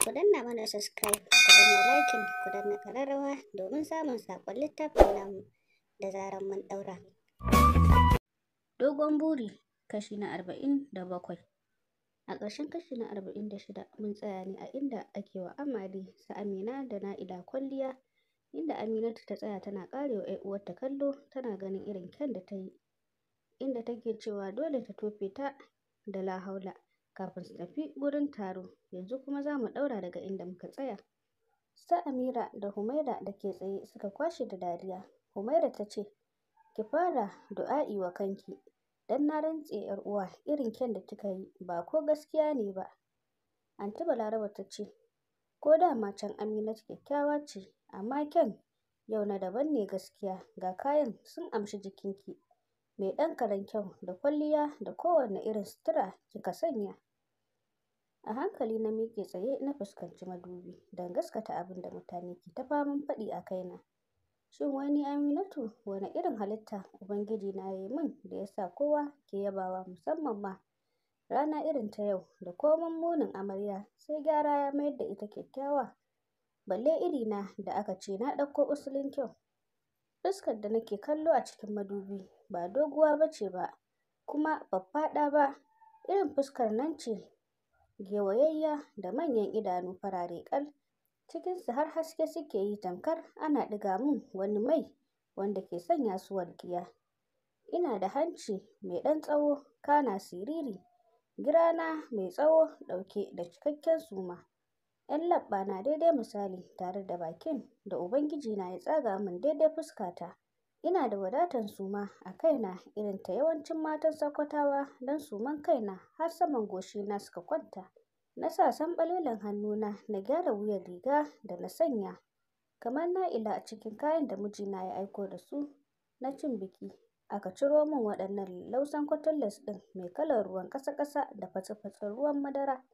ku danna mana subscribe ku danna liking ku danna kararrawa domin samun sakon littafin namu da zaran mun daura dogon buri kashi na arba'in da bakwai a ƙarshen kashi na arba'in da shida mun tsaya ne a inda ake wa amali sa amina da na'ila kwalliya inda aminatu ta tsaya tana ƙarewa 'yar uwarta kallo tana ganin irin kyan da ta yi inda take cewa dole ta tofe ta da lahaula kafin su tafi wurin taro. Yanzu kuma za mu ɗaura daga inda muka tsaya. Sa Amira da Humaira da ke tsaye suka kwashe da dariya. Humaira ta ce, Ki fara du'a'i wa kanki, dan na rantse ‘yar uwa irin kyan da kika yi ba ko gaskiya ne ba. Anti Balaraba ta ce, Ko dama can Aminatu kyakkyawa ce, amma kyan yau na daban ne gaskiya ga kayan sun amshi jikinki. Mai ɗan karen kyau da kwalliya da kowane irin sutura kika sanya. A hankali na miƙe tsaye na fuskanci madubi don gaskata abin da mutane ke ta faman faɗi a kaina. Shin wani Aminatu wani irin halitta Ubangiji na ya yi min da ya sa kowa ke yabawa musamman ma rana irin ta yau da komin munin amarya sai gyara ya mayar da ita kyakkyawa balle na da aka ce na ɗauko usulin kyau. Fuskar da nake kallo a cikin madubi ba doguwa ba ce ba kuma faffaɗa ba irin fuskar nan ce gewayayya da manyan idanu farare ƙal cikinsu har haske suke yi tamkar ana ɗiga mun wani mai wanda ke sanya su walƙiya ina da hanci mai ɗan tsawo kana siriri girana mai tsawo ɗauke da cikakken suma ‘yan labba na daidai misali tare da bakin da ubangiji na ya tsaga min daidai fuskata Ina da wadatan suma a kaina irin ta yawancin matan Sakwatawa don suman kaina har saman goshi na suka kwanta, na sa sanɓalelen hannuna na gyara wuyan riga da na sanya kamar na'ila a cikin kayan da mijina ya aiko da su na cin biki, aka ciro min waɗannan lausan cottonales ɗin mai kalar ruwan ƙasa-ƙasa da fatsi ruwan madara,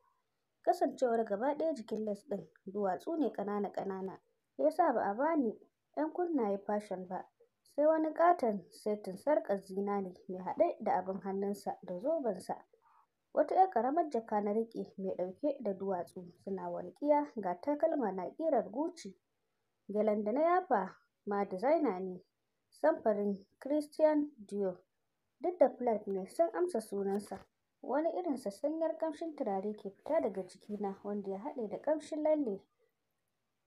kasancewar gaba ɗaya jikin les ɗin duwatsu ne ƙanana-ƙanana, ya sa ba a bani ni 'yan kunnaye fashion ba. sai wani katon setin sarƙar zinare mai haɗe da abin hannunsa da zobensa, wata 'yar ƙaramar jaka na riƙe mai ɗauke da duwatsu suna walƙiya ga takalma na ƙirar Gucci, gyalen da na yafa ma dizaina ne samfurin Christian Dior, duk da flat ne sun amsa sunansa. Wani irin sassanyar ƙamshin turare ke fita daga jikina wanda ya haɗe da ƙamshin lalle,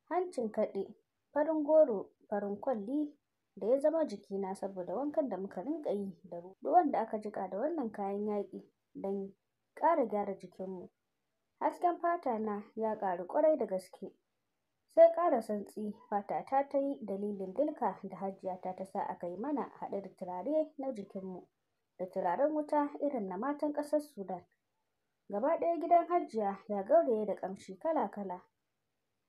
hancin kaɗe, farin goro, farin kwalli da ya zama jikina saboda wankan da muka rinka yi da ruwan wanda aka jiƙa da wannan kayan yaƙi don ƙara gyara jikinmu. Hasken fata na ya ƙaru kwarai da gaske. Sai ƙara santsi fata ta ta yi dalilin dilka da Hajiya ta ta sa aka yi mana haɗe da turare na jikinmu da turaren wuta irin na matan ƙasar Sudan. Gaba ɗaya gidan hajiya ya gauraye da ƙamshi kala-kala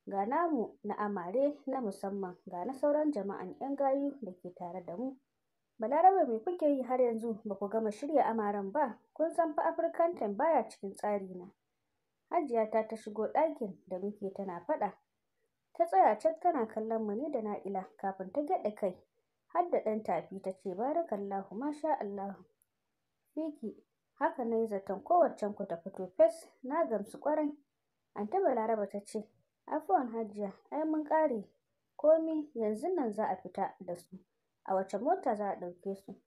Ga namu na amare na musamman ga na sauran jama'an 'yan gayu da ke tare da mu. Balarabe mai kuke yi har yanzu ba ku gama shirya amaren ba? Kun san fa Afrikantan ba cikin cikin tsarina. Hajiya ta ta shigo ɗakin da muke tana faɗa. Ta tsaya can tana kallon mu ni da Na'ila kafin ta gyaɗa kai har da ɗan tafi ta ce barakallahu masha Allahu. Fiki haka na yi zaton kowacce ku ta fito fes na gamsu ƙwarai. Anta Balaraba ta ce Afuwan Hajiya, ai mun ƙare komi yanzu nan za a fita da su, a wace mota za a ɗauke su?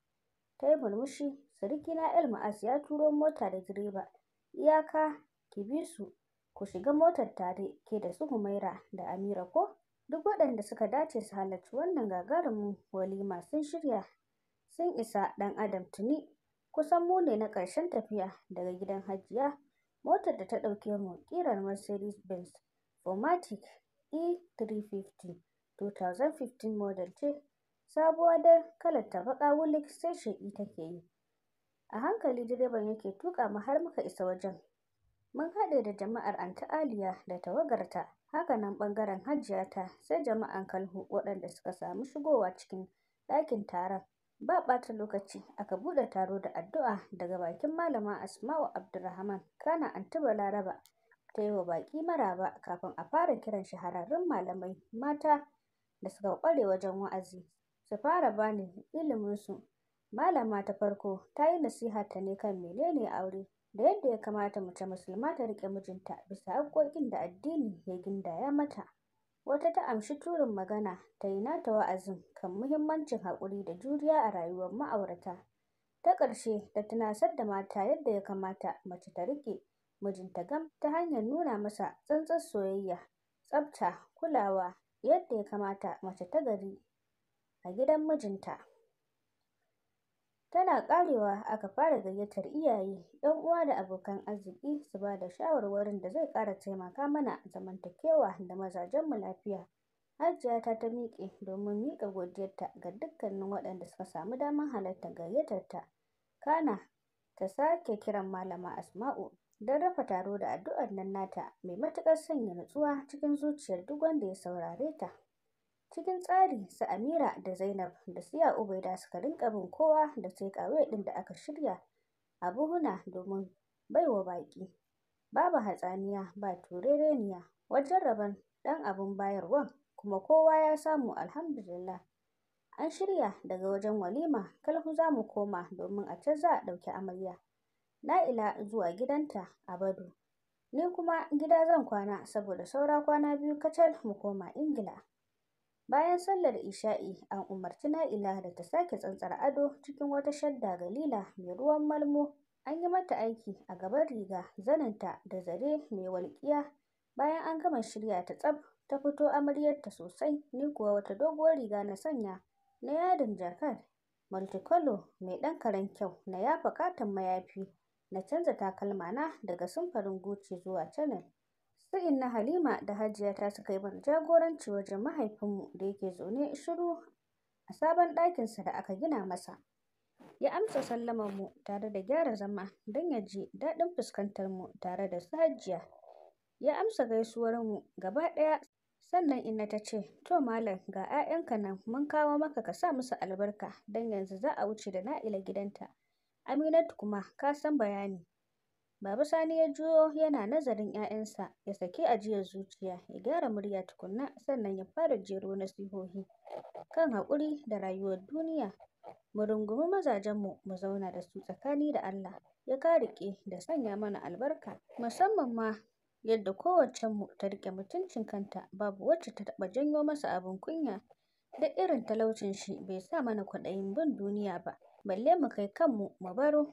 Ta yi murmushi, surukina el ya turo mota da direba, iyaka ki bi su ku shiga motar tare ke da su Humaira da Amira ko? Duk waɗanda suka dace su halarci wannan gagarumin walima sun shirya sun isa ɗan adam tuni kusan mu ne na ƙarshen tafiya daga gidan Hajiya motar da ta ɗauke mu ƙirar Mercedes Benz Omatic E350 2015 model ce sabuwa don ta baƙa wulik sai sha'i take yi. A hankali direban yake tuƙa ma har muka isa wajen. Mun haɗe da jama'ar Anta Aliya da tawagarta, haka nan ɓangaren ta, sai jama'an kalhu waɗanda suka samu shigowa cikin ɗakin taron. Ba ɓata lokaci aka buɗe taro da addu'a daga bakin Malama Asma'u abdulrahman kana Anty Balaraba. ta yi wa baƙi maraba kafin a fara kiran shahararrun malamai mata da suka ƙware wajen wa'azi su fara bani iliminsu. Malama ta farko ta yi ta ne kan menene aure da yadda ya kamata mace musulma ta riƙe mijinta bisa haƙƙoƙin da addini ya gindaya mata. Wata ta amshi turin magana ta yi nata wa'azin kan muhimmancin haƙuri da juriya a rayuwar ma'aurata. Ta ƙarshe ta tunasar da mata yadda ya kamata mace ta riƙe mijinta gam ta hanyar nuna masa tsantsar soyayya, tsafta, kulawa yadda ya kamata mace ta gari a gidan mijinta. Tana ƙarewa aka fara gayyatar iyaye, 'yan uwa da abokan arziki su ba da shawarwarin da zai ƙara taimaka mana zamantakewa da mazajenmu lafiya. Hajiya ta ta miƙe domin miƙa godiyarta ga dukkanin waɗanda suka samu damar halarta gayyatarta, kana ta sake kiran Malama Asma'u don rafa taro da addu'ar nan nata mai matuƙar sanya nutsuwa cikin zuciyar duk wanda ya saurare ta. Cikin tsari su Amira da Zainab da Siya Ubaida suka rinka bin kowa da sai kawai ɗin da aka shirya a buhuna domin baiwa baƙi. Babu hatsaniya ba turereniya wajen rabon ɗan abin bayarwan kuma kowa ya samu alhamdulillah. An shirya daga wajen walima kalhu za mu koma domin a can za a ɗauki amarya. Na'ila zuwa gidanta a Bado. Ni kuma gida zan kwana saboda saura kwana biyu kacal mu koma Ingila. Bayan sallar isha'i an umarci Na'ila da ta sake tsantsar ado cikin wata shadda galila mai ruwan malmo an yi mata aiki a gaban riga zaninta da zare mai walƙiya bayan an gama shirya ta tsaf ta fito amaryarta sosai ni kuwa wata doguwar riga na sanya na yadin jakar multicolor mai ɗan karen kyau na yafa katon mayafi na canza takalma na daga samfurin Gucci zuwa Chanel. Su Inna Halima da Hajiya ta suka yi mana jagoranci wajen mahaifinmu da yake zaune shiru a sabon ɗakinsa da aka gina masa. Ya amsa mu tare da gyara zama don ya ji daɗin fuskantar mu tare da su Hajiya. Ya amsa gaisuwar mu gaba ɗaya sannan Inna ta ce, To Malam ga 'ya'yanka nan mun kawo maka ka sa musu albarka don yanzu za a wuce da Na'ila gidanta. Aminatu kuma ka san bayani. Baba Sani ya juyo yana nazarin 'ya'yansa, ya saki ajiyar zuciya, ya gyara murya tukunna sannan ya fara jero nasihohi kan haƙuri da rayuwar duniya. Mu rungumi mazajenmu mu zauna da su tsakani da Allah ya ka riƙe da sanya mana albarka, musamman ma yadda mu ta riƙe mutuncin kanta babu wacce ta taɓa janyo masa abin kunya, duk irin talaucin shi bai sa mana kwaɗayin bin duniya ba. balle mu kai kanmu mu baro.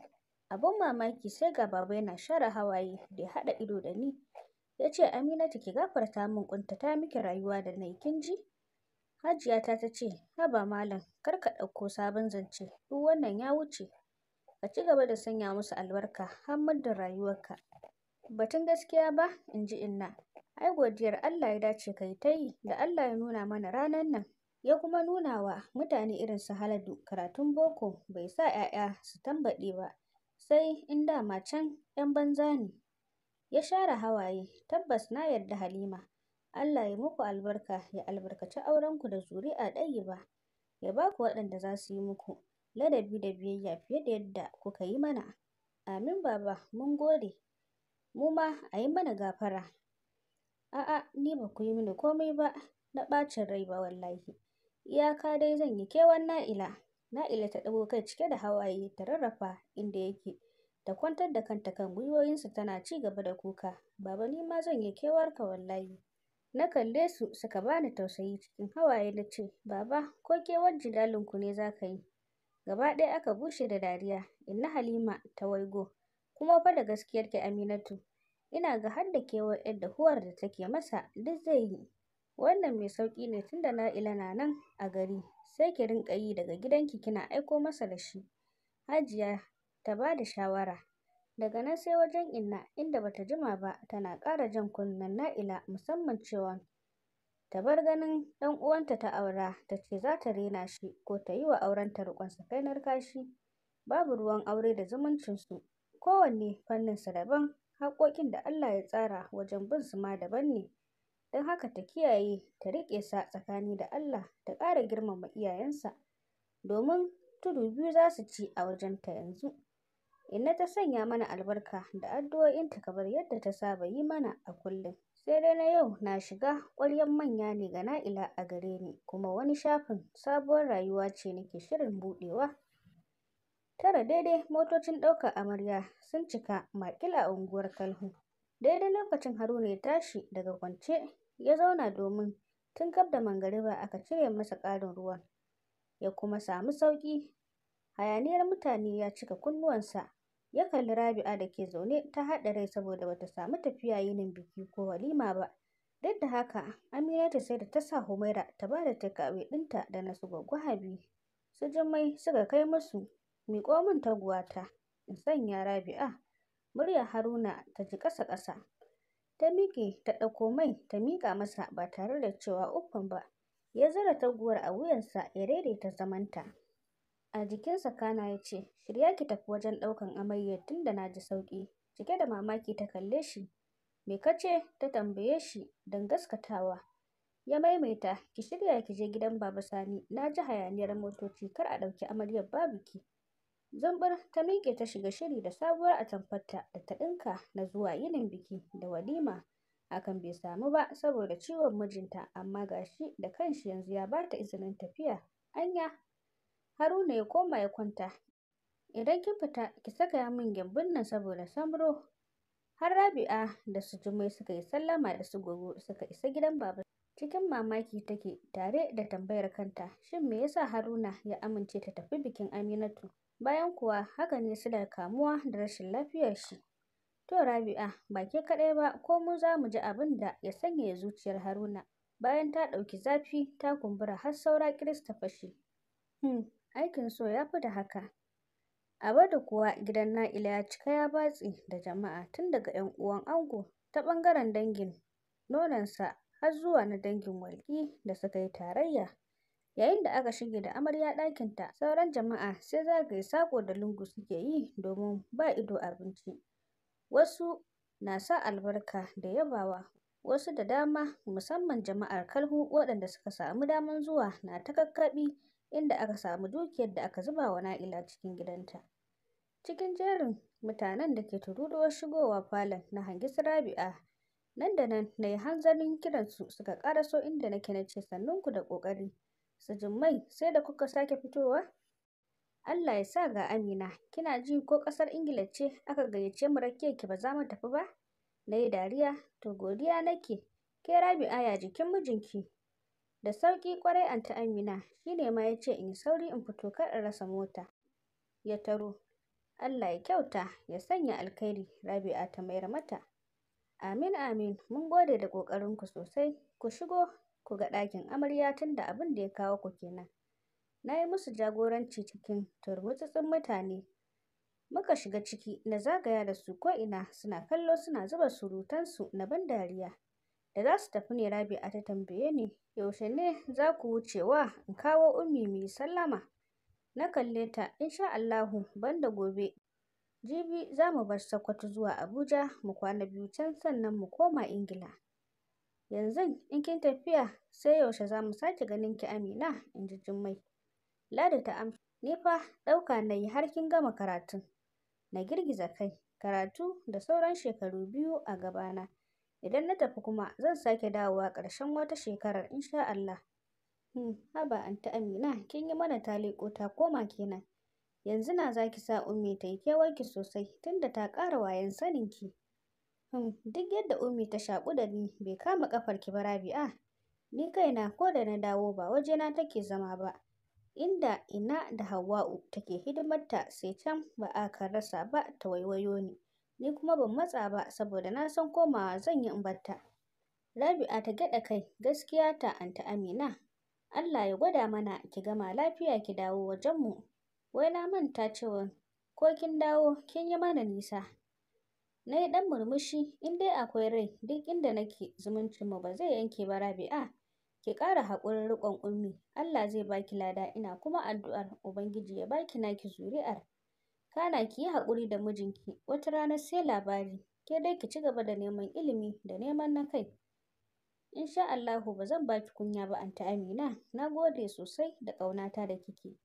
abun mamaki sai ga baba yana share hawaye da ya haɗa ido da ni. Ya ce Aminatu ki gafarta min ta miki rayuwa da nai kin ji? Hajiya ta ta ce haba malam kar ka ɗauko sabon zance duk wannan ya wuce. Ka ci gaba da sanya musu albarka har da rayuwarka. Batun gaskiya ba inji inna ai godiyar Allah ya dace kai ta da Allah ya nuna mana ranan nan. ya kuma nuna wa mutane irin su Haladu karatun boko bai sa 'ya'ya su tambaɗe ba sai in dama can 'yan banza ne. Ya share hawaye tabbas na yarda Halima Allah ya muku albarka ya albarkaci aurenku da zuri'a ɗayi ba ya ba ku waɗanda za su yi muku ladabi da biyayya fiye da yadda kuka yi mana. Amin baba mun gode mu ma a yi mana gafara. A'a ni ba ku yi mini komai ba na ɓacin rai ba wallahi. iyaka dai zan yi kewan na'ila na'ila ta ɗago kai cike da hawaye ta rarrafa inda yake ta kwantar da kanta kan gwiwoyinsa tana ci gaba da kuka baba ni ma zan yi kewar ka, wallahi na kalle su suka bani tausayi cikin hawaye na ce baba ko kewar jilalinku ne za ka yi gaba ɗaya aka bushe da dariya inna halima ta waigo kuma fa da gaskiyarki aminatu ina ga har da kewar yadda huwar da take masa duk zai yi Wannan mai sauƙi ne tunda Na'ila na nan a gari, sai ki rinƙa yi daga gidan gidanki kina aiko masa da shi. Hajiya ta ba da shawara. Daga nan sai wajen Inna, inda bata jima ba tana ƙara jan kunnen Na'ila musamman cewa ta bar ganin ɗan uwanta ta aura ta ce za ta rena shi ko ta yi wa aurenta riƙon kainar kashi. Babu ruwan aure da zumuncin su kowanne fannin fanninsa daban, haƙƙoƙin da Allah ya tsara wajen bin su ma daban ne. Don haka ta kiyaye ta riƙe sa tsakani da Allah ta ƙara girmama iyayensa, domin tudu biyu za su ci a wajenta yanzu. Inna ta sanya mana albarka da addu'o'inta kamar yadda ta saba yi mana a kullum. Sai dai na yau na shiga ƙwaryar manya ne ga Na'ila a gare ni kuma wani shafin sabuwar rayuwa ce nake shirin buɗewa. Tara daidai motocin ɗaukar amarya sun cika maƙil a unguwar Kalhu. Daidai lokacin Haruna ya tashi daga kwance ya zauna domin tun gab da mangariba aka cire masa ƙarin ruwan ya kuma samu sauƙi hayaniyar mutane ya cika kunnuwansa ya kalli rabi'a da ke zaune ta haɗa rai saboda bata samu tafiya yinin biki ko walima ba duk da haka aminatu sai da ta sa humaira ta ba da takawe ɗinta da na su gwaggo habi su jummai suka kai musu miƙo min taguwata in sanya rabi'a murya haruna ta ji ƙasa-ƙasa ta miƙe ta ɗauko mai ta miƙa masa ba tare da cewa uffan ba ya zara taguwar a wuyansa ya daidaita zamanta a jikinsa kana ya ce shirya ki tafi wajen ɗaukan amaryar tunda na ji sauƙi cike da mamaki ta kalle shi me ka ce ta tambaye shi don gaskatawa ya maimaita ki shirya ki je gidan baba sani na ji hayaniyar motoci kar a ɗauki amaryar babu ki Zambar ta miƙe ta shiga shiri da sabuwar atamfarta da ta ɗinka na zuwa yinin biki da walima. Hakan bai samu ba saboda ciwon mijinta amma ga shi da kanshi yanzu ya bata izinin tafiya. Anya Haruna ya koma ya kwanta. Idan kin fita ki saka min gyambun nan saboda samro. Har Rabi'a da su Jummai suka yi sallama da su Gogo suka isa gidan baba. Cikin mamaki take, tare da tambayar kanta, shin me yasa Haruna ya amince ta tafi bikin Aminatu, bayan kuwa haka ne silar kamuwa da rashin lafiyar shi. To Rabi'a, ba ke kaɗai ba, ko mu za mu ji abin da ya sanya zuciyar Haruna, bayan ta ɗauki zafi ta kumbura har saura Kirista ta Hmm, aikin so ya fi da haka. Abada kuwa gidan Na'ila ya cika ya batsi da jama'a tun daga 'yan uwan ango ta bangaren dangin nonansa har zuwa na dangin walƙi da suka yi tarayya. Yayin da aka shige da amarya ɗakinta, sauran jama'a sai zagaye saƙo da lungu suke yi domin ba ido abinci. Wasu na sa albarka da yabawa, wasu da dama musamman jama'ar Kalhu waɗanda suka samu daman zuwa na ta kakkaɓi inda aka samu dukiyar da aka zuba wa Na'ila cikin gidanta. Cikin jerin mutanen da ke tururuwar shigowa falon na hangisu Rabi'a Nan da nan na yi hanzarin kiransu suka ƙaraso inda nake na ce sannunku da ƙoƙari. Su Jummai sai da kuka sake fitowa? Allah ya sa ga Amina, kina ji ko ƙasar Ingila ce aka gayyace mu rake ki ba za mu tafi ba? Na yi dariya, to godiya nake, ke Rabi'a ya jikin mijinki. Da sauƙi ƙwarai anta Amina, shi ne ma ya ce in sauri in fito kar in rasa mota. Ya taro, Allah ya kyauta ya sanya alkhairi Rabi'a ta mayar mata. Amin amin, mun gode da ƙoƙarinku sosai. Ku shigo ku ga ɗakin amarya tunda da abin da ya kawo ku kenan. Na yi musu jagoranci cikin turmutsutsun mutane. Muka shiga ciki na zagaya da su ko'ina suna kallo suna zuba surutansu na ban dariya. Da za su tafi ne Rabi'a ta tambaye ni, yaushe ne za ku wuce wa in kawo ummi mu yi sallama? Na kalle ta, insha Allahu, banda gobe Jibi za mu bar Sokoto zuwa Abuja mu kwana biyu can sannan mu koma Ingila. Yanzu in kin tafiya sai yaushe za mu sake ganin ki Amina? in ji Jummai. Ladi ta amsa, ni fa ɗauka na yi har kin gama karatun. Na girgiza kai, karatu da sauran shekaru biyu a gabana. Idan na tafi kuma zan sake dawowa ƙarshen wata shekarar insha Allah. Hmm, haba Anta Amina kin yi mana ta leƙo ta koma kenan. yanzu na za ki sa Ummi ta yi kewarki sosai tunda ta ƙara wayan saninki. Hmm, duk yadda Ummi ta shaƙu da ni bai kama ƙafar ki ba Rabi'a. Ni kaina ko da na dawo ba wajena take zama ba. Inda ina da hauwa'u take hidimarta sai can ba a kan rasa ba ta waiwayo ni. Ni kuma ban matsa ba saboda na san komawa zan yi in barta. Rabi'a ta gyaɗa kai gaskiya ta anta Amina. Allah ya gwada mana ki gama lafiya ki dawo wajenmu. wai na manta cewa ko kin dawo kin yi mana nisa. Na yi ɗan murmushi in dai akwai rai duk inda nake zumuncinmu ba zai yanke ba rabi'a. Ah, ki ƙara haƙurin riƙon ummi, Allah zai baki lada ina kuma addu'ar Ubangiji ya baki naki zuri'ar. Kana ki yi haƙuri da mijinki, wata rana sai labari, ke dai ki ci gaba da neman ilimi da neman na kai. insha Allahu ba zan baki kunya ba Anta Amina, na gode sosai da ƙaunata da kike.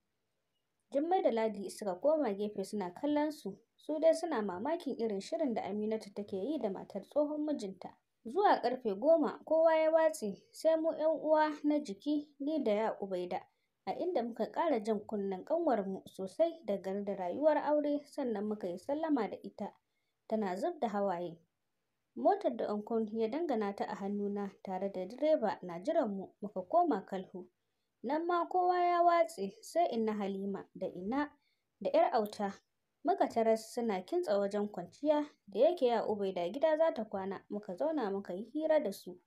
Jummai da Ladi suka koma gefe suna kallon su, su dai suna mamakin irin shirin da Aminatu take yi da matar tsohon mijinta. Zuwa karfe goma kowa ya watse sai mu 'yan uwa na jiki ni da ya Ubaida a inda muka ƙara jan kunnen mu sosai dangane da rayuwar aure sannan muka yi sallama da ita tana zub da hawaye. Motar da unkun ya dangana ta a hannuna tare da direba na jiranmu muka koma Kalhu. Nan ma kowa ya watse sai Inna Halima da Inna da 'yar auta muka taras suna kintsa wajen kwanciya da yake ya Ubaida gida za ta kwana muka zauna muka yi hira da su.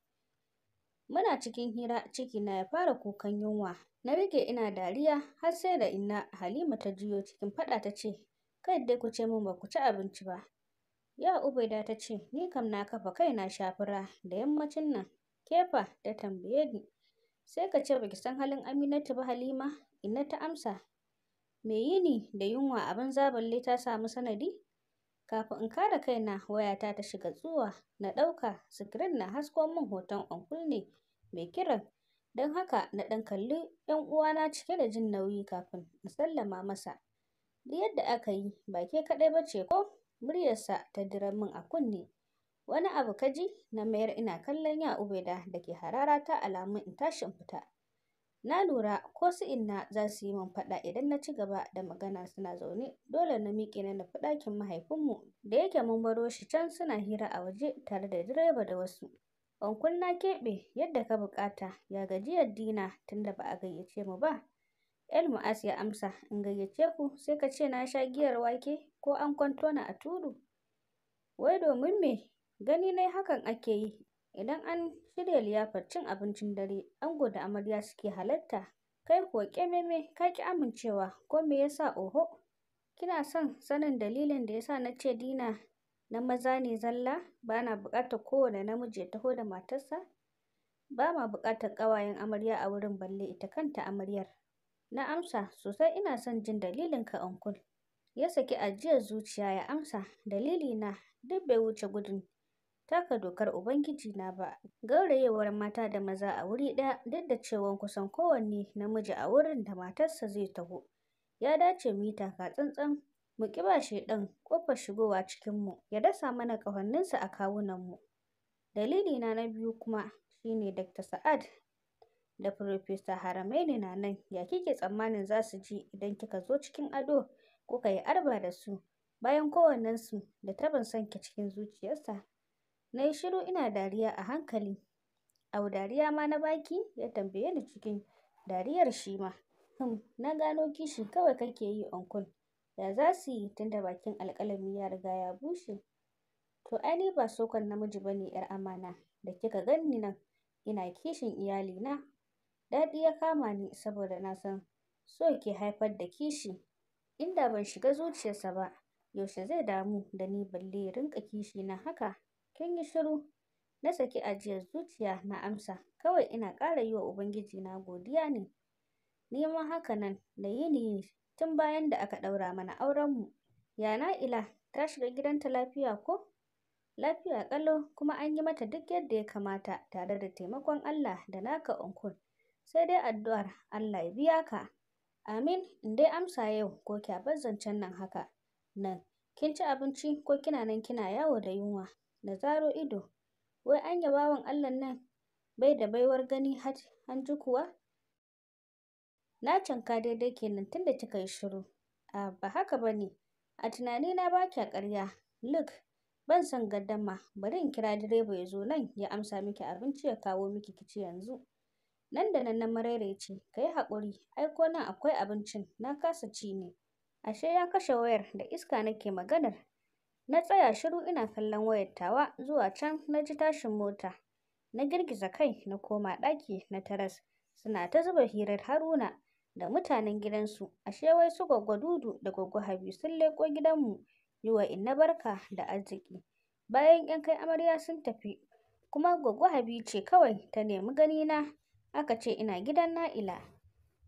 Muna cikin hira ciki na ya fara kukan yunwa na riƙe ina dariya har sai da Inna Halima ta juyo cikin faɗa ta ce kai dai ku ce min ba ku ci abinci ba. Ya Ubaida ta ce ni kam na kafa kaina shafura da yammacin nan. kefa da ta tambaye ni. Sai ka ce baki san halin Aminatu ba Halima, ina ta amsa. Me yini da yunwa abin zaballe ta samu sanadi? Kafin in kare kaina wayata ta shiga tsuwa na ɗauka sikirin na hasko min hoton onkul ne mai kiran don haka na ɗan kalli ‘yan uwana cike da jin nauyi kafin in sallama masa. Duk yadda aka yi ba ke kaɗai ba ce ko muryarsa ta dira min a kunne. wani abu ka ji na mayar ina kallon ya ubeda da ke harara ta alamun in tashin fita na lura ko su inna za su yi min faɗa idan na ci gaba da magana suna zaune dole na miƙe na nufi ɗakin mahaifinmu da yake mun baro shi can suna hira a waje tare da direba da wasu ban kunna keɓe yadda ka buƙata ya gajiyar dina tunda ba a gayyace mu ba El Mu'as ya amsa, in gayyace ku sai ka ce na sha giyar wake ko an kwanto na a tudu. Wai domin me Gani nai hakan ake yi, idan an shirya liyafar cin abincin dare, ango da amarya suke halarta, kai kuwa kyameme ka ki amincewa ko me yasa oho! Kina son sanin dalilin da yasa na ce dina na maza ne zalla, ba na buƙatar kowane namiji ya taho da matarsa? Ba ma buƙatar ƙawayen amarya a wurin balle ita kanta amaryar. Na amsa, sosai ina son jin dalilin ka ankul Ya saki ajiyar zuciya ya amsa, dalili na duk bai wuce gudun taka dokar Ubangiji na ba. Gaurayewar mata da maza a wuri ɗaya duk da cewa kusan kowanne namiji a wurin da matarsa zai taho. Ya dace mu yi taka tsantsan mu ƙi ba ɗan ƙofar shigowa cikinmu ya dasa mana ƙahoninsa a kawunan mu. dalili na na biyu kuma shine Dr. Sa'ad da haramai ne na nan ya kike tsammanin za su ji idan kika zo cikin ado kuka yi arba da su bayan kowannensu da taban son ki cikin zuciyarsa Na yi shiru ina dariya a hankali. Au dariya ma na baki? Ya tambaye ni cikin dariyar shi ma. hmm, na gano kishi kawai kake yi uncle. Ya za su yi tunda bakin alƙalami ya riga ya bushe? To ai ba sokon namiji ba ne 'yar amana da kika ganni nan ina kishin iyali na? Daɗi ya kama ni saboda na san so ke haifar da kishi. Inda ban shiga zuciyarsa ba, yaushe zai damu da ni balle ya kishi na haka? kin yi shiru na saki ajiyar zuciya na amsa kawai ina ƙara yi wa Ubangiji na godiya ne neman haka nan da yini tun bayan da aka ɗaura mana aurenmu ya ila ta shiga gidanta lafiya ko lafiya ƙalau kuma an yi mata duk yadda ya kamata tare da taimakon Allah da naka onkul sai dai addu'ar Allah ya biya ka amin in dai amsa yau ko kya bar zancen nan haka nan kin ci abinci ko kina nan kina yawo da yunwa da zaro ido, wai anya bawan allah nan bai da baiwar gani har anji kuwa? Na canka daidai kenan tunda kika yi shiru. A ba haka ba ne, a na ba kya ƙarya. Luke, ban san gaddama, bari in kira direba ya zo nan ya amsa miki abinci ya kawo miki kici yanzu. Nan da nan na maraice, ka yi haƙuri, ai ko nan akwai abincin, na kasa ci ne. Ashe ya kashe wayar da iska nake maganar. Na tsaya shiru ina kallon wayar tawa zuwa can na ji tashin mota. Na girgiza kai na koma ɗaki na taras suna ta zuba hirar Haruna da mutanen gidansu ashe wai su Gwaggo Dudu da Gwaggo Habi sun leƙo gidanmu yi wa inna barka da arziki. Bayan 'yan kai amarya sun tafi kuma Gwaggo Habi ce kawai ta nemi na? aka ce ina gidan Na'ila.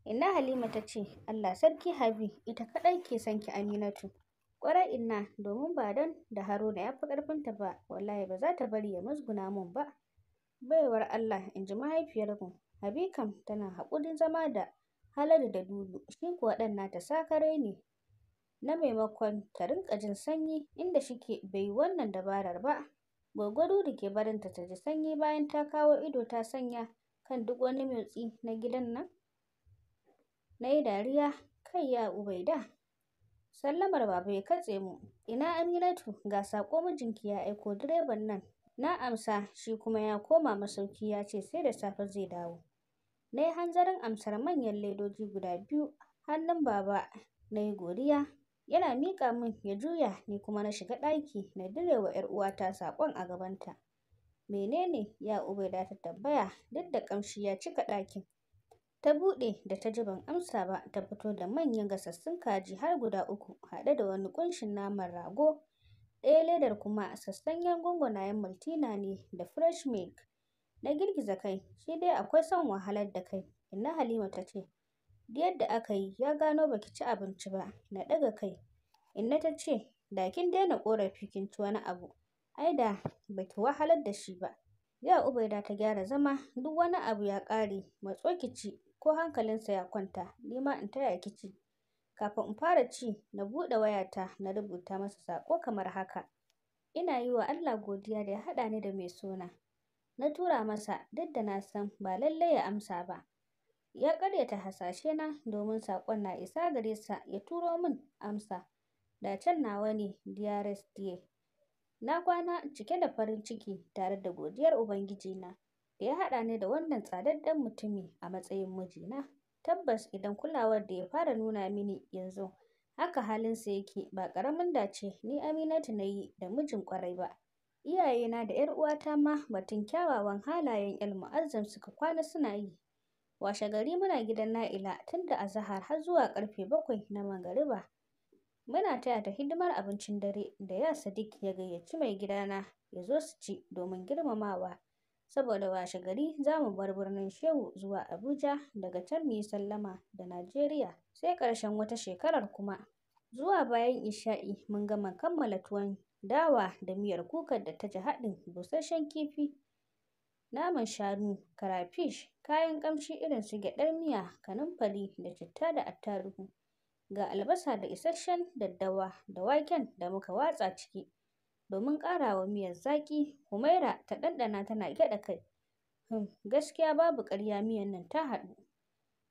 Inna Halima ta ce Allah sarki Habi ita kaɗai ke son Aminatu. kwarai inna, domin ba don da Haruna ya fi ƙarfinta ba, wallahi ba za ta bari ya musguna mun ba. Baiwar Allah, in ji mahaifiyarmu, Habikam tana haƙurin zama da Haladu da Dudu, shi kuwa ɗan nata sakare ne. Na maimakon ta rinƙa jin sanyi inda shike bai yi wannan dabarar ba. Gwaggwado da ke barinta ta ji sanyi bayan ta kawo ido ta sanya kan duk wani motsi na gidan nan. Na yi dariya, kai ya Ubaida. Sallamar baba ya katse mu. Ina Aminatu ga saƙo mijinki ya aiko direban nan. Na amsa shi kuma ya koma masauki ya ce sai da safe zai dawo. Na yi hanzarin amsar manyan ledoji guda biyu hannun baba na yi godiya. Yana miƙa min ya juya ni kuma na shiga ɗaki na direwa 'yar uwata saƙon a gabanta. Menene ya Ubaida ta tambaya duk da ƙamshi ya cika ɗakin. Ta buɗe da ta ji ban amsa ba ta fito da manyan gasassun kaji har guda uku haɗe da wani ƙunshin naman rago. Ɗaya ledar kuma sassanyen gungunayen maltina ne da fresh milk. Na girgiza kai, shi dai akwai son wahalar da kai. Inna Halima ta ce, yadda aka yi ya gano baki ci abinci ba, na ɗaga kai. Inna ta ce, da kin daina ƙorafi kin ci wani abu, ai da baki wahalar da shi ba. Ya Ubaida ta gyara zama, duk wani abu ya ƙare, matso ki ci, ko hankalinsa ya kwanta ni ma in taya ki ci kafin in fara ci na buɗe wayata na rubuta masa saƙo kamar haka ina yi wa Allah godiya da ya haɗa ni da mai suna. na tura masa duk da na san ba lallai ya amsa ba ya ƙaryata hasashe na domin saƙon na isa gare sa ya turo min amsa da can nawa ne dearest na kwana cike da farin ciki tare da godiyar ubangijina da ya haɗa ni da wannan tsadadden mutumi a matsayin mijina. Tabbas idan kulawar da ya fara nuna mini yanzu haka halin halinsa yake ba ƙaramin dace ni Aminatu na yi da mijin ƙwarai ba. Iyayena da 'yar uwata ma batun kyawawan halayen El Mu'azzam suka kwana suna yi. Washe gari muna gidan Na'ila tun da azahar har zuwa karfe bakwai na magariba. Muna taya ta hidimar abincin dare da ya Sadiq ya gayyaci mai gidana ya zo su ci domin girmamawa saboda washe gari za mu bar birnin Shehu zuwa Abuja daga can mu yi sallama da Najeriya sai ƙarshen wata shekarar kuma. Zuwa bayan isha'i mun gama kammala tuwon dawa da miyar kuka da ta ji haɗin busasshen kifi, naman shanu, karafish, kayan ƙamshi irin su gyaɗar miya, kanumfari da citta da attarugu ga albasa da isasshen daddawa da waken da muka watsa ciki. domin ƙarawa miyar zaƙi. Humaira ta ɗanɗana tana gyaɗa kai. Hmm, gaskiya babu ƙarya miyan nan ta haɗu.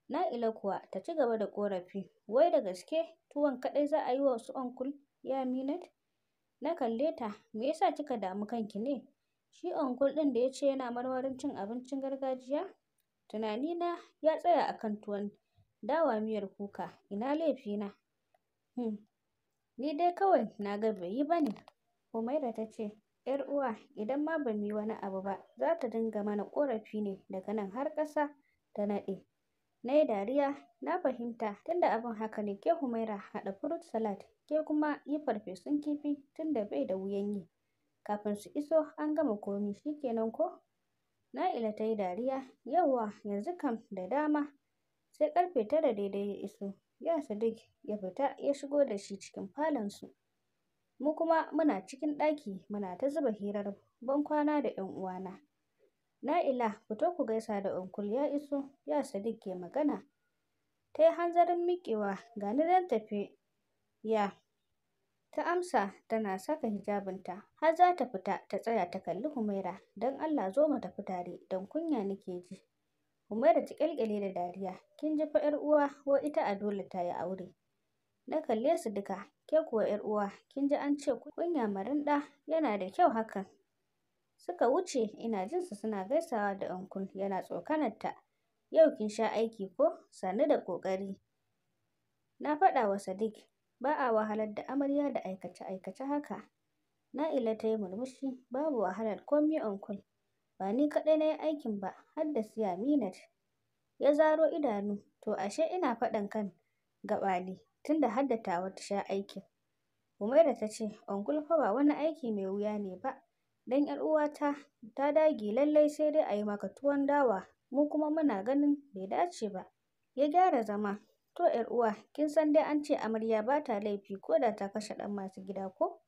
Na'ila kuwa ta ci gaba da ƙorafi. Wai da gaske tuwon kaɗai za a yi wa su onkul ya minet Na kalle ta, me yasa kika damu kanki ne? Shi onkul ɗin da ya ce yana marmarin cin abincin gargajiya? Tunani na ya tsaya a kan tuwon dawa miyar kuka, ina laifina? Hmm, ni dai kawai na ga bai yi ba ne. Humaira ta ce, ‘yar uwa idan ma ban yi wani abu ba za ta dinga mana ƙorafi ne daga nan har ƙasa ta naɗe. Na yi dariya, na fahimta tunda abin haka ne ke Humaira haɗa furut salad ke kuma yi farfesun kifi tunda bai da wuyan yi. Kafin su iso an gama komi shi kenan ko? Na'ila ta yi dariya, yauwa yanzu kam da dama. Sai ƙarfe tara daidai ya iso, ya Sadiq ya fita ya shigo da shi cikin falonsu. Mu kuma muna cikin ɗaki muna ta zuba hirar bankwana da 'yan uwana. Na'ila fito ku gaisa da unkul ya iso, ya Sadiq ke magana. Ta yi hanzarin miƙewa ga ni zan tafi ya ta amsa tana saka hijabinta har za ta fita ta tsaya ta kalli Humaira don Allah zo mu tafi tare don kunya nake ji. Humaira ta ƙyalƙyale da dariya kin ji fa 'yar uwa ko ita a dole ta yi aure. na kalle su duka. Ke kuwa ‘yar uwa, kin ji an ce kunya marin da yana da kyau hakan. Suka wuce ina jin su suna gaisawa da ankun yana tsokanar ta. Yau kin sha aiki ko? sanu da ƙoƙari. Na faɗa wa Sadiq, ba a wahalar da amarya da aikace-aikace haka. Na'ila ta yi murmushi, babu wahalar komai ankun Ba ni kaɗai na yi aikin ba, har da siya Minat. Ya zaro idanu, to ashe ina faɗan kan gaɓani tunda har dattawa ta sha aikin. Humaira ta ce, Onkul fa ba wani aiki mai wuya ne ba, don 'yar uwata ta dage lallai sai dai a yi maka tuwon dawa, mu kuma muna ganin bai dace ba. Ya gyara zama, to 'yar uwa, kin san dai an ce amarya ba ta laifi ko da ta kashe ɗan masu gida ko?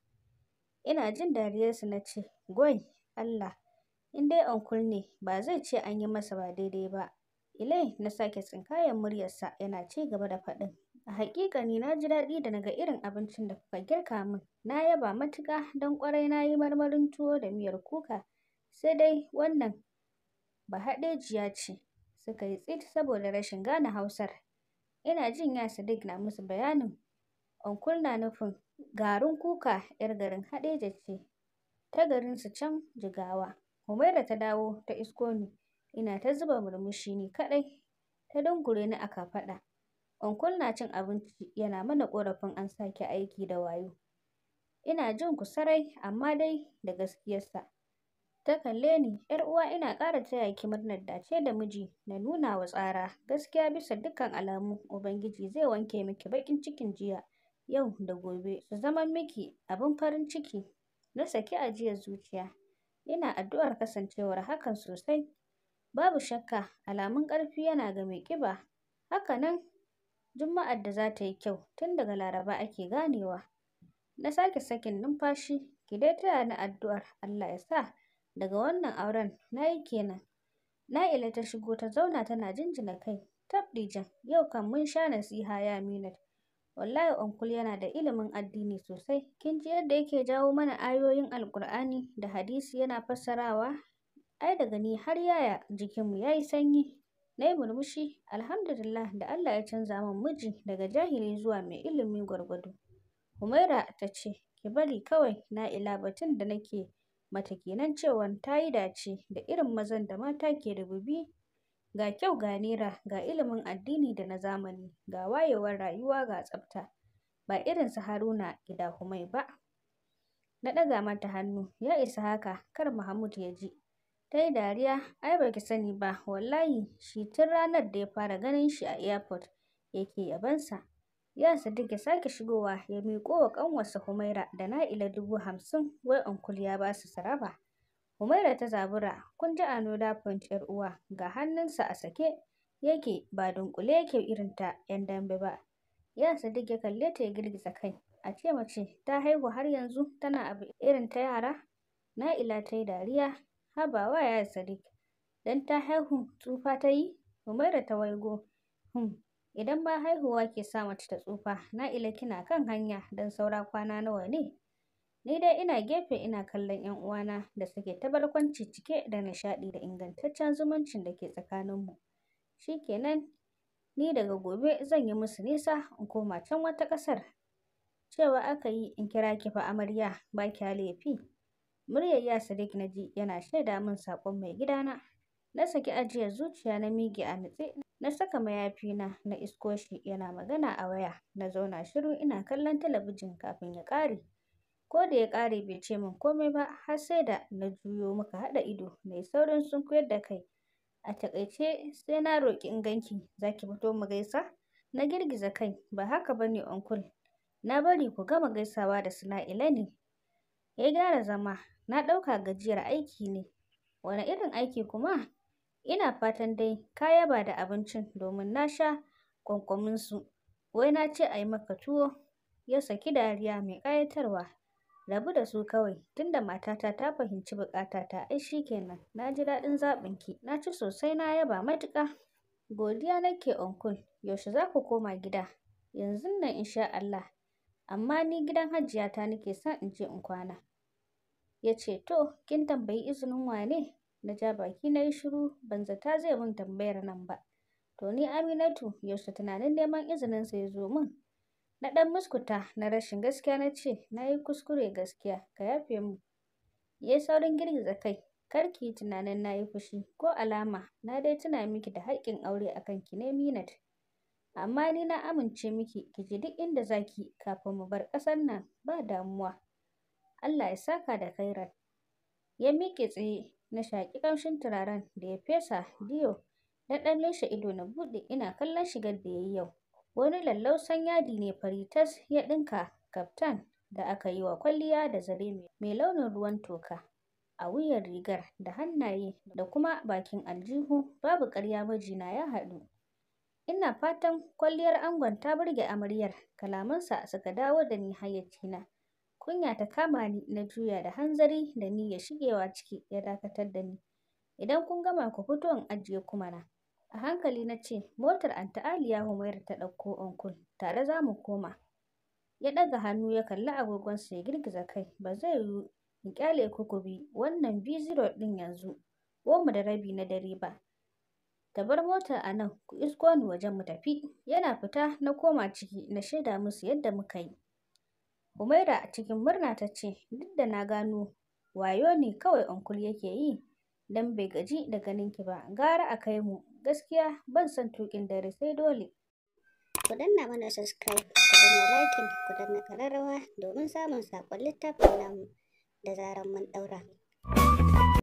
Ina jin dariyarsu na ce, Gwai, Allah, in dai onkul ne ba zai ce an yi masa ba daidai ba. Ilai na sake tsinkayen muryarsa yana ci gaba da faɗin A haƙiƙa ni na ji daɗi da naga irin abincin da kuka girka min, na yaba matuƙa don ƙwarai na yi marmarin tuwo da miyar kuka, sai dai wannan ba bahaɗejiya ce, suka yi tsit saboda rashin gane Hausar. Ina jin ya Sadiq na musu bayanin Onkul na nufin garin kuka ƴar garin Haɗeja ce, ta garin su can Jigawa. Humaira ta dawo ta isko ni, ina ta zuba murmushi ni kaɗai, ta dungure ni a kafaɗa. in na cin abinci yana mana ƙorafin an sake aiki da wayo. Ina jin ku sarai amma dai da gaskiyarsa. Ta kalle ni, 'yar uwa ina ƙara taya ki murnar dace da miji na nuna wa tsara gaskiya bisa dukkan alamu Ubangiji zai wanke miki baƙin cikin jiya yau da gobe su zama miki abin farin ciki. Na saki ajiyar zuciya. Ina addu'ar kasancewar hakan sosai. Babu shakka alamun ƙarfi yana ga mai ƙiba. Haka nan Juma'ar da za ta yi kyau, tun daga Laraba ake ganewa. Na sake sakin numfashi, ki dai taya ni addu'ar Allah ya sa daga wannan auren na yi kenan. Na'ila ta shigo ta zauna tana jinjina kai. Tab Dijan, yau kan mun sha nasiha ya Minat. Wallahi onkul yana da ilimin addini sosai. Kin ji yadda yake jawo mana ayoyin Alƙur'ani da hadisi yana fassarawa? Ai daga ni har yaya jikinmu ya yi sanyi. Na yi murmushi, alhamdulillah da Allah ya canza min miji daga jahili zuwa mai ilimi gwargwado. Humaira ta ce, ki bari kawai na ila batun da nake mata kenan cewa ta yi dace da irin mazan da mata ke rububi ga kyau ga nera ga ilimin addini da na zamani ga wayewar rayuwa ga tsafta ba irin su Haruna gida humai ba. Na ɗaga mata hannu, ya isa haka kar Mahmud ya ji Ta yi dariya, ai ba ki sani ba, wallahi shi tun ranar da ya fara ganin shi a airport yake yabansa. Ya Sadiq ya sake shigowa ya miƙo wa ƙanwarsa Humaira da Na'ila dubu hamsin wai onkul ya ba su saraba. Humaira ta zabura, kun ji anoda point ‘yar uwa ga hannunsa a sake yake ba dunƙule yake irin ta ‘yan dambe ba. Ya Sadiq ya kalle ta ya girgiza kai, a ce mace ta haihu har yanzu tana abu irin ta yara? Na'ila ta yi dariya Haba ya Yaya Sadiq, don ta haihu tsufa ta yi? Humaira ta waigo, hum, idan ma haihuwa ke sa mace ta tsufa, ila kina kan hanya dan saura kwana nawa ne? Ni dai ina gefe ina kallon 'yan uwana da suke ta barkwanci cike da nishaɗi da ingantaccen zumuncin da ke tsakaninmu. Shi kenan, ni daga gobe zan yi musu nisa in koma can wata ƙasar. Cewa aka yi in kira ki fa amarya, ba kya laifi. Muryar ya Sadiq na ji yana shaida min saƙon mai gidana. Na saki ajiyar zuciya na miƙe a nutse, na saka mayafi na na isko shi yana magana a waya. Na zauna shiru ina kallon talabijin kafin ya ƙare. Ko da ya ƙare bai ce min komai ba har sai da na juyo muka haɗa ido Mai saurin sun koyar da kai. A taƙaice sai na roƙi in ganki, za ki fito mu gaisa? Na girgiza kai, ba haka ba ne onkul. Na bari ku gama gaisawa da suna ne. Ya gyara zama Na ɗauka gajiyar aiki ne, wani irin aiki kuma? Ina fatan dai ka yaba da abincin domin na sha su Wai na ce a yi maka tuwo, ya saki dariya mai ƙayatarwa. Rabu da su kawai, tunda matata ta fahimci buƙatata ai shi kenan. Na ji daɗin zaɓinki, na ci sosai na yaba matuƙa. Godiya nake Uncle, yaushe za ku koma gida? Yanzun nan in sha Allah. Amma ni gidan hajiyata nake son in je in kwana. ya ce to kin tambayi izinin wane na ja baki na yi shiru ban zata zai min tambayar nan ba to ni aminatu yaushe tunanin neman izininsa ya zo min na ɗan muskuta na rashin gaskiya na ce na yi kuskure gaskiya ka yafe mu ya saurin girgiza kai kar ki yi tunanin na yi fushi ko alama na dai tuna miki da haƙƙin aure a kanki ne minat amma ni na amince miki ki je duk inda za kafin mu bar ƙasar nan ba damuwa Allah ya saka da kairar Ya miƙe tsaye na shaƙi ƙamshin turaren da ya fesa diyo na ɗan shi ido na buɗe ina kallon shigar da ya yi yau. Wani lallausan yadi ne faritas ya ɗinka kaftan da aka yi wa kwalliya da zare mai launin ruwan toka. A wuyan rigar da hannaye da kuma bakin aljihu babu ƙarya mijina ya haɗu. Ina fatan kwalliyar angon ta burge amaryar kalamansa suka dawo da ni hayyacina. Kunya ta kama ni na juya da hanzari da niyyar shigewa ciki ya dakatar da ni. Idan kun gama ku fito in ajiye kumana. A hankali na ce, motar an Aliya Humaira ta ɗauko onkul, tare za mu koma. Ya ɗaga hannu ya kalli agogonsa ya girgiza kai, ba zai yiwu in ƙyale ku ku bi wannan biziro ɗin yanzu, mu da rabi na dare ba. Ta bar motar a nan, ku isko ni wajen mu tafi. Yana fita na koma ciki na shaida musu yadda muka yi. umaira a cikin murna ta ce, duk da na gano wayo ne kawai onkul yake yi, don bai gaji da ganin ki ba, gara a kai mu, gaskiya ban son tuƙin dare sai dole. Ku danna mana subscribe, ku danna like, ku danna ƙararrawa domin samun saƙon littafin namu da zaran mun ɗaura.